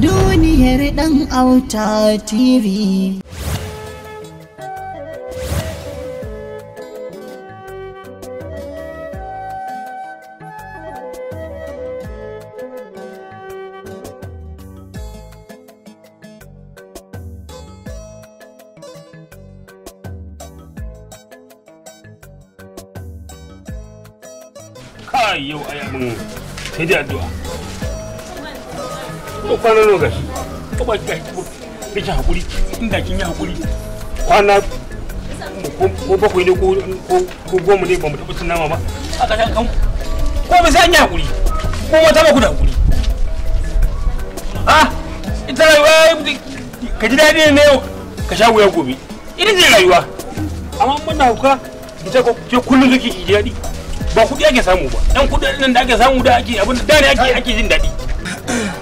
ดูนี่เรดังเอาจาทีวีใครอยู่ไอ้หมูที่เฮ็ดยังดู kwana nawa gashi ba hakuri inda kin yi hakuri kwana ko bakwai ne ko ko goma ne ba mu taɓa nama ba aka san kan ko ba sai yi hakuri ko wata ba ku da hakuri ah ita rayuwa ka ji ne yau ka sha wuya gobe ne rayuwa amma hauka ko ke ji ba ake samu ba ɗan nan da ake samu da ake abin da ne ake ake jin daɗi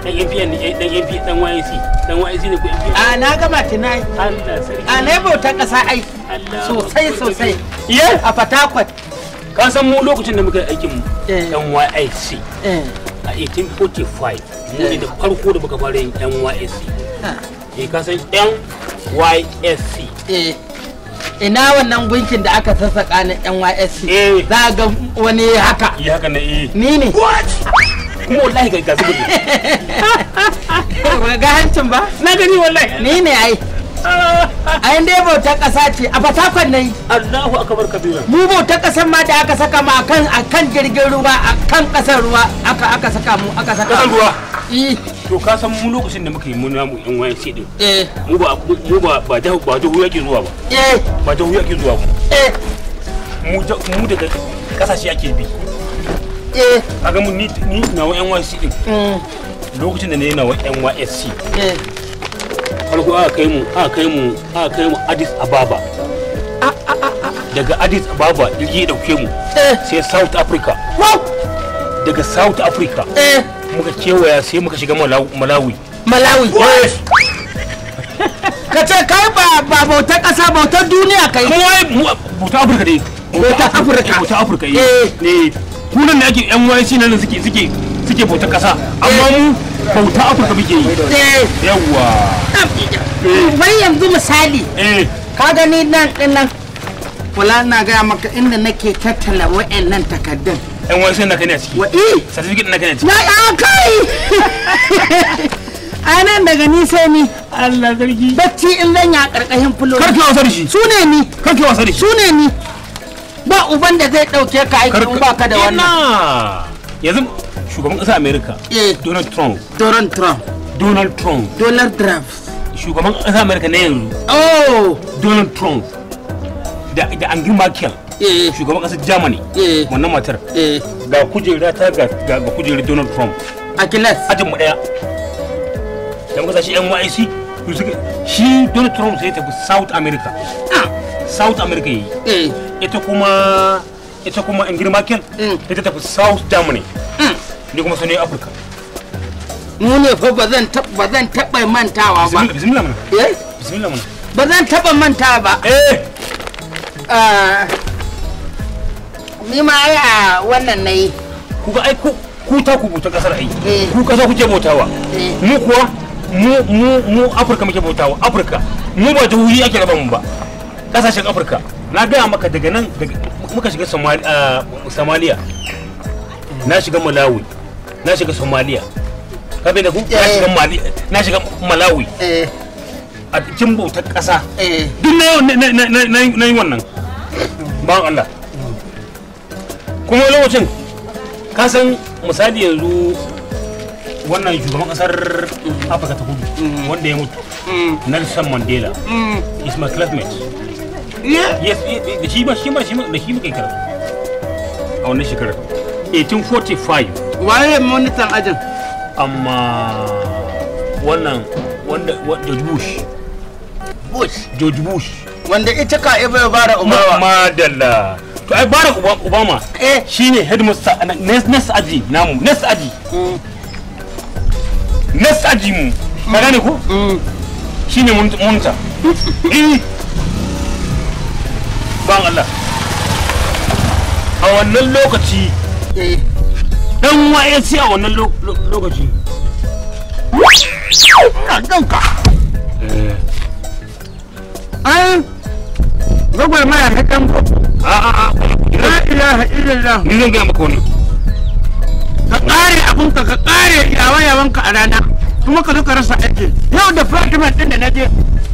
dan APN ne eh, dan AP dan YC dan YC ne ko APN a na gama tunai na sarki a ne bauta kasa ai sosai sosai ye a Fatakwat ka san mu lokacin da muka aikin mu eh. dan YC a 1845 eh. mu ne da farko da muka fara yin NYSC eh ka san NYSC eh ina wannan gunkin da aka sassaka na NYSC za ga wani haka ni haka na eh ni ne kuma wallahi ga gasu gudu ga hancin ba na gani wallahi ni ne ai ai dai bautar ƙasa ce a fatakon na yi allahu akabar kabira mu bautar ƙasar ma da aka saka mu akan akan jirgin ruwa akan ƙasar ruwa aka aka saka mu aka saka ƙasar ruwa eh. to ka san mu lokacin da muka yi mun namu yan wayan sai din eh. mu ba mu ba ba da ba da yake zuwa ba eh ba da yake zuwa ba eh mu da mu daga kasashe ake bi eh kaga mun ni ni nawa NYC din mm. lokacin da ne nawa NYSC eh farko aka kai mu aka kai mu aka kai mu Addis Ababa daga Addis Ababa jirgi dauke mu eh. sai South Africa daga South Africa eh. muka kewaya sai muka shiga Malawi Malawi ka ce kai ba ba bautar ƙasa bautar duniya kai kuma wai bautar Afirka ne bautar Afirka bautar Afirka eh, eh. kunan da ake yan wani nan suke suke suke bauta kasa amma mu bauta afirka muke yi eh. yawa wai eh. yanzu misali eh. ka gani nan din nan kula na gaya maka inda nake tattala wa'annan takardun yan wani na ne a ciki wa'i certificate na ne a ciki ya kai a nan daga ni sai ni Allah zargi bacci in zan ya karkashin fulo karki wasa da shi su ne ni karki wasa da shi su ne ni ba uban da zai dauke ka aiki ba ka da wannan yanzu shugaban kasa america eh. donald trump donald trump donald trump donald trump shugaban kasa america na yanzu oh donald trump da angela merkel eh. shugaban kasa germany eh. wannan matar ga kujera ta ga kujera donald trump a kilas ajin mu daya dan ƙasashe nyc shi donald trump sai tafi south america ah! south america yi mm. ita kuma ita kuma ingir makel mm. ita tafi south germany mm. ni kuma sani afirka mu ne fa ba zan taba mantawa ba bismillah mun eh bismillah mun ba zan taba mantawa ba eh ah, ni ma ai a wannan nayi ku ga ai ku ku ta ku buta kasar ai eh. ku kasa kuke bautawa eh. mu kuwa mu mu mu afirka muke bautawa afirka mu ba ake raba mu ba kasashen afirka na gaya maka daga nan muka shiga ah, somalia na shiga malawi na shiga ka bai da ku eh. na shiga malawi eh. a cikin bautar kasa eh. duk na yau na yi wannan ba allah kuma lokacin kasan misali yanzu wannan shugaban kasar afirka ta kudu mm. wanda ya mutu mm. nelson mandela mm. is my classmate yes da shi ba shi ba shi da shi muka karatu a wannan shekarar 1845 waye monitan ajin amma wannan wanda George Bush Bush George Bush wanda ita ka ibe bara Obama madalla to ai Barack Obama eh shine headmaster na aji namu na aji hmm. na aji mu ka gane ko hmm. shine munta eh Allah a wannan lokaci eh, dan waye sai a wannan lokaci ina ganka eh. ai zagwai maya na kan a ilaha illallah ni zan maka wannan ka kare abinka ka kare yawa-yawanka a rana kuma ka zo ka rasa aiki yau da fatima ɗin da na je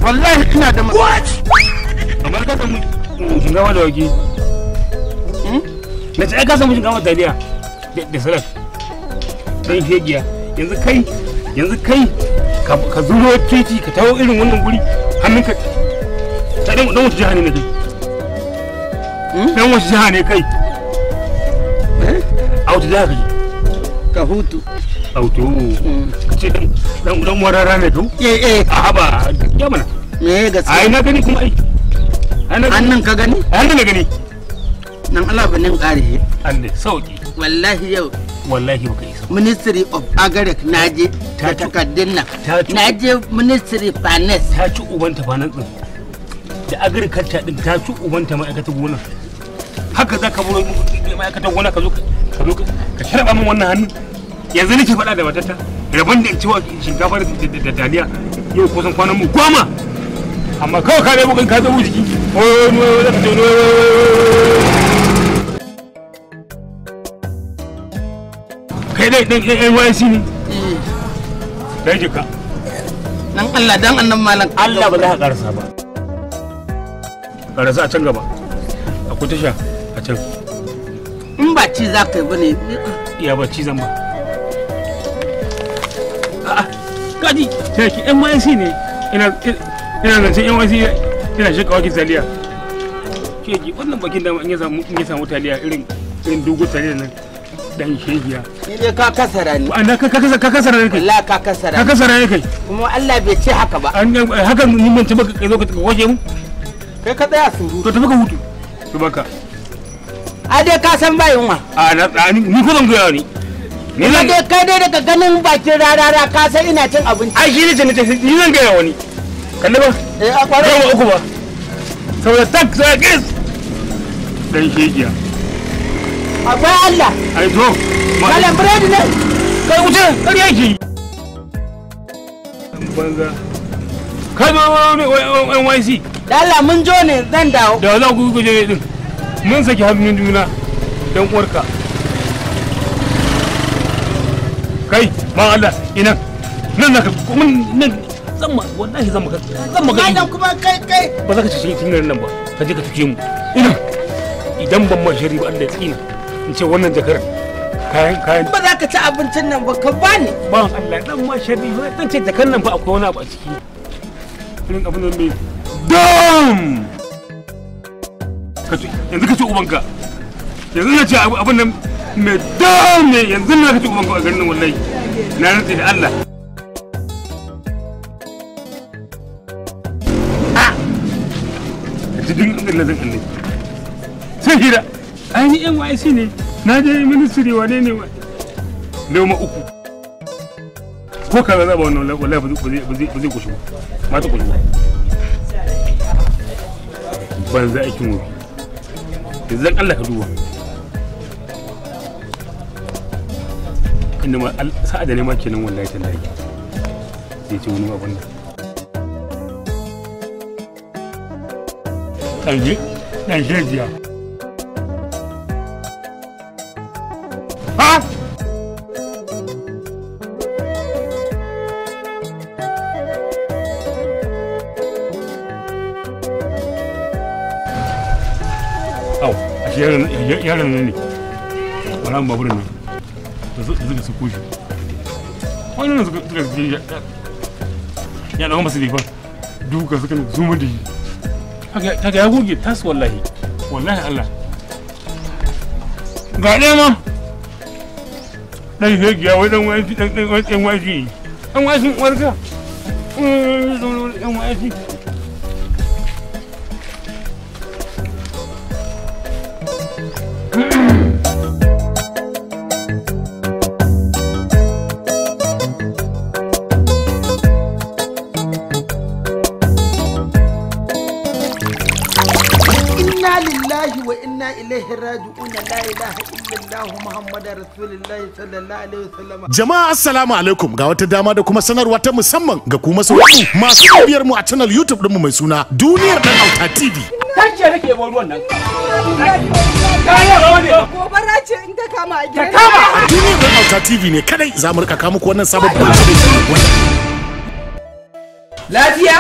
wallahi ina da kamar ka shinkafa da wake hmm? na ce ka samu shinkafa taliya da salak don shegiya yanzu kai yanzu kai ka zuro titi ka tawo irin wannan guri hannunka ta dan dan wata jiha ne kai dan eh? wata jiha ne kai a wata jiha kai ka hutu a hutu hmm. ce dan dan warara ne to eh eh a haba ya mana me gaskiya ai na gani kuma ai annan ka gani annan ka gani nan Allah sauki wallahi yau wallahi baka isa ministry of agric naje ta takaddun nan ministry finance ta ubanta finance din da agriculture din ta ci ubanta ma'aikatar gona haka za ka buro ma'aikatar gona ka zo ka zo ka sharba min wannan hannu yanzu nake faɗa da matata rabon da in ci shinkafa da daliya yau kusan kwanan mu goma amma kawai ka nemi kan ka zama jiki kai dai eh. dan NYC ne dai jika dan Allah dan annan malam Allah ba za ka karasa ba karasa a can gaba a kutusha a can in ba ci za ka yi bane iya ba ci zan ba kaji take NYC ne ina ina zancen yan wasi ina shi kawaki taliya keki wannan bakin dama in ya samu taliya irin irin dogo taliya nan dan shehiya ni dai ka kasara ni an ka kasara ka kasara ne kai Allah ka kasara ka kasara ne kai kuma Allah bai ce haka ba an eh, haka mun mun tabbaka kai zo ka waje mu kai ka tsaya suru to tabbaka hutu to baka a dai ka san bai yunwa a na ni ko zan goya ni ni zan kai dai daga ganin bakin rarara ka san ina cin abinci ai shi ne ce ni zan ga wani kalli ba eh a kware ba uku ba saboda tak sai kis dan shegiya akwai Allah ai zo malam biredi ne kai wuce kar yake banza kai ma wani NYC Allah mun jo ne zan dawo da za ku je guje din mun saki hannun juna dan uwarka kai ma Allah ina nan na nan zan ma wallahi zan maka zan maka malam kuma kai kai ba za ka ci cikin nan ba ka je ka tuke mu ina idan ban ma shari ba Allah ya tsina in ce wannan jakar kayan kayan ba za ka ci abincin nan ba ka bani ba Allah dan ma shari ba dan ce jakar nan ba akwai wani abu a ciki irin abin nan mai dam ka ci yanzu ka ci ubanka yanzu na ce abin nan mai dam ne yanzu na ci ubanka a garin nan wallahi na rantsi da Allah jidin sai hira ai ni ne na je ministry wane ne uku ko kaza zaba wannan wallahi ba zai kushe ba ta kushe ban za wofi duba inda ma da nema kenan wallahi ce wani nan Nigeria. Huh? Au, a shi yaran nan ne. Wala mu Da su kushi. Wani nan suka suka ya ɗan masu ne ba. Duka suka zuma da shi. kaga ya goge tas wallahi wallahi Allah ga ɗaya ma ɗan hegiya wai ɗan ɗan ɗan ɗan ɗan ɗan inna ilaihi raji'un la ilaha illallah muhammadar rasulullah sallallahu alaihi wasallam jama'a assalamu alaikum ga wata dama da kuma sanarwa ta musamman ga kuma sauran masu biyar mu a channel youtube din mu mai suna duniyar dan auta tv kace nake ba ruwan nan rawa ne gobara in ta kama a gidan ta kama duniyar dan auta tv ne kadai za mu rika kawo muku wannan lafiya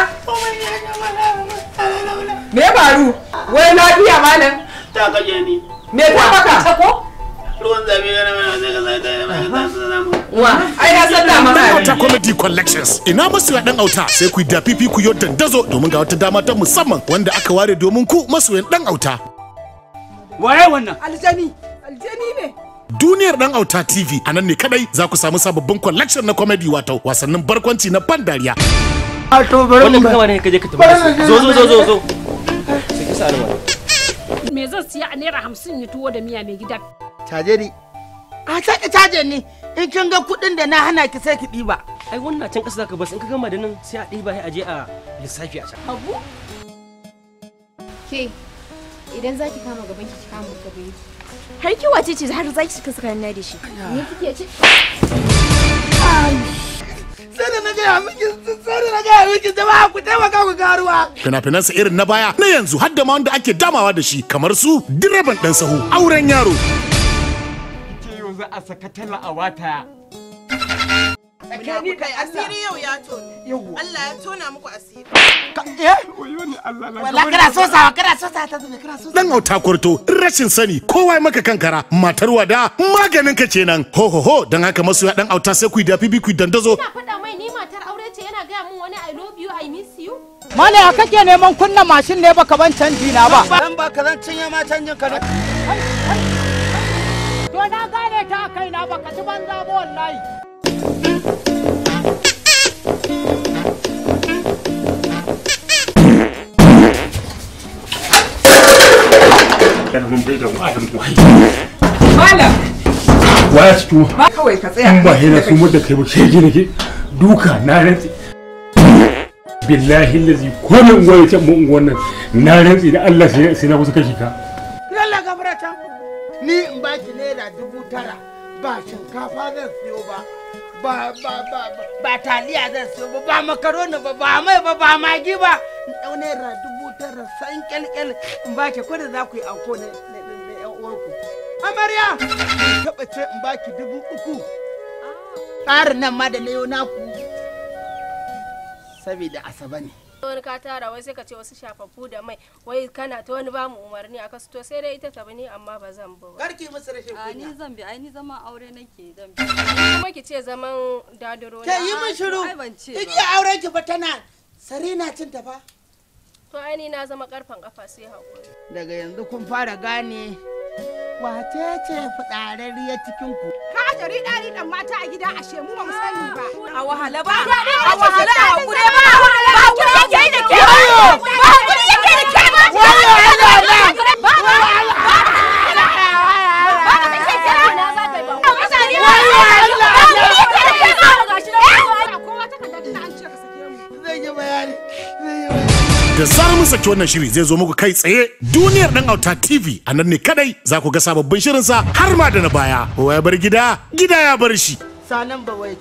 me ya faru wai lafiya malam ta kaje ni me ta baka ta ko ruwan zabi yana mana zai ga zai da wa ai na san da mana ta comedy collections ina masoya dan auta sai ku da pipi ku yodan dandazo domin ga wata dama ta musamman wanda aka ware domin ku masoyan dan auta waye wannan aljani aljani ne duniyar dan auta tv a nan ne kadai za ku samu sababbin collection na comedy wato wasannin barkwanci na ban dariya a to bari mu ka je ka tabbata zo zo zo zo sai ki sa Me zan siya a naira hamsin ya tuwo da miya mai gida. Caje ni. A sake caje ni in kin ga kuɗin da na hana ki sai ki ɗiba. Ai wannan can ƙasa zaka bas in ka gama da nan sai a ɗiba sai a je a lissafi a can. Abu? Ke idan za ki kama gaban ki kama ka bai Har ki wace ce har za ki kasa na da shi. Me kike ce? Ai. sai da na gaya miki sai da na gaya miki jama'a ku taimaka ku ruwa fina-finan sa irin na baya na yanzu har da ma wanda ake damawa da shi kamar su direban dan sahu auren yaro kice za a saka talla a wata tsakani da asiri yau ya tona Allah ya tona muku asiri eh wayo na wala kana so sa kana so sa ta zuba kana so dan auta kurto rashin sani kowa maka kankara matar wada maganin ka kenan ho ho ho dan haka masoya dan auta sai ku da bibi ku dandazo ina faɗa mai ni matar aure ce yana gaya min wani i love you i miss you Mala ya kake neman kunna mashin ne baka ban canji na ba. Dan ba ka zan cinye ma canjin ka To na gane ta kai na baka ci banza ba wallahi. kawai ka tsaya in kai ba shege nake duka na rantsi billahi lazi ko ne unguwar ya mu nan na rantsi da Allah sai na kusa kashi ka. Yalla gabara ta ni in baki naira dubu tara. ba shinkafa zan siyo ba ba ba ba ba taliya zan siyo ba ba makaroni ba ba mai ba ba magi ba in ra naira dubu tara san kyalkyal in ba ki kwada za ku yi auko na yan uwarku amarya in ce in ba ki dubu uku ah. tsarin nan ma da na yau naku asaba ne wani ka tara wai sai ka ce wasu shafaffu da mai wai kana ta wani bamu umarni a kasu to sai dai ita tabi ni amma ba zan ba karki musu rashin kunya ni zan bi ai ni zama aure nake zan bi kuma ki ce zaman daduro ke yi min shiru ki aure ki ba tana sare na cin ta fa to ai ni na zama karfan kafa sai hakuri daga yanzu kun fara gane wace ce fudarariya cikin ku jari ɗari ɗan mata a gida ashe mu ba mu sani ba. A wahala ba, a wahala a wahala ba, ba kure da ke. da zarar saki wannan shiri zai zo muku kai tsaye duniyar dan auta tv a nan ne kadai za ku ga sababbin shirin sa har ma da na baya ya bar gida gida ya bar shi sanan ba wai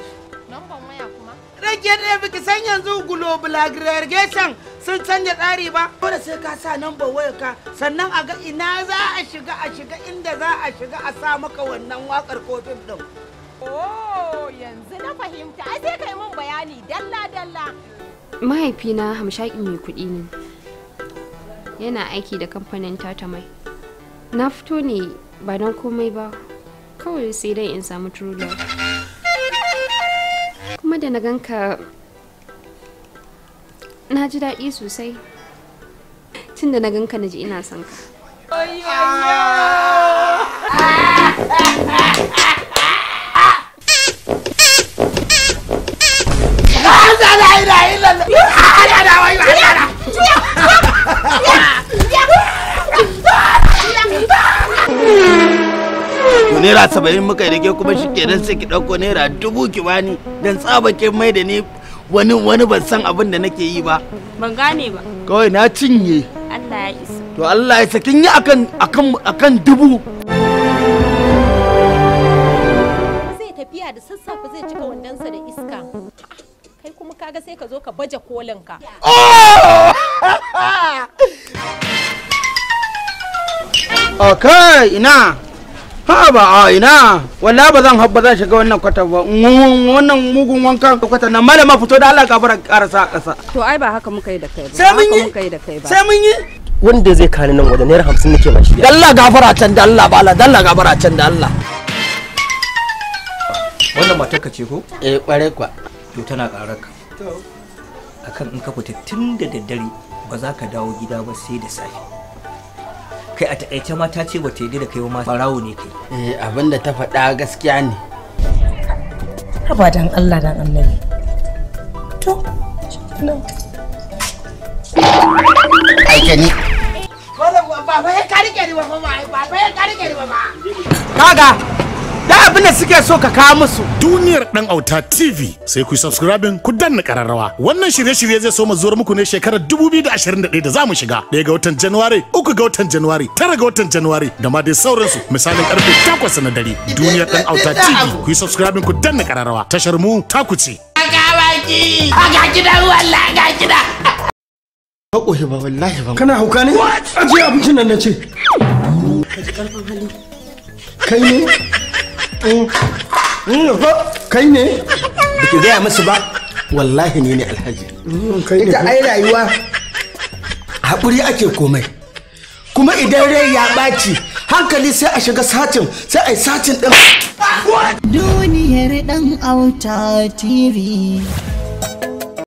rage da biki san yanzu global aggregation sun canja tsari ba dole sai ka sa number waya ka sannan a ga ina za a shiga a shiga inda za a shiga a sa maka wannan wakar kofin din oh yanzu na fahimta ai sai kai mun bayani dalla dalla mahaifina hamshaƙi mai kuɗi ne yana aiki da kamfanin tata mai na fito ne ba don komai ba kawai sai dai in samu true kuma da na ganka na ji daɗi sosai tun da na ganka na ji ina son ka ilaha illallah ana da wai ba ana to naira saba'in muka rike kuma shi kenan sai ki ɗauko naira dubu ki bani don tsabakin mai da ni wani wani ban san abin da nake yi ba ban gane ba kawai na cinye Allah ya isa to Allah ya sakin yi akan akan akan dubu zai tafiya da sassafe zai cika wandonsa da iska kaga sai ka zo ka baje kolin ka okay ina ha ba a ina wallahi ba zan habba zan shiga wannan kwata ba wannan mugun wankan kwata na malama fito da Allah gafara karasa kasa to ai ba haka muka yi da kai ba sai mun yi sai mun yi wanda zai kani nan wajen naira hamsin nake ba shi dalla gafara can da Allah ba Allah dalla gafara can da Allah wannan matar ka ce ko eh kware kwa to tana karar ka akan in ka fita tun da daddare ba za ka dawo gida ba sai da safe kai a takaice ma ta ce bata yi da kai ma farawo ne kai eh abin da ta faɗa gaskiya ne haba dan Allah dan annabi to aike ni baba ya karike ni baba baba ya karike ni baba kaga abin da suke so ka kawo musu duniyar dan auta tv sai ku subscribe ku danna kararrawa wannan shirye-shirye zai so mu zuwa muku ne shekarar 2021 da zamu shiga ɗaya ga watan januwari uku ga watan januwari tara ga watan januwari da ma dai sauransu misalin karfe 8 na dare duniyar dan auta tv ku subscribe ku danna kararrawa tashar mu ta ku ce baki ga gida wallahi ga gida ka ba wallahi ba kana hauka ne aje abincin nan na ce kai ne Mm. Mm, kai ne ba ki gaya musu ba wallahi ne ne alhaji mm, ita ai rayuwa haƙuri ake komai kuma idan rai ya ɓaci hankali sai a shiga satin sai a yi satin ɗin duniyar ɗan auta tv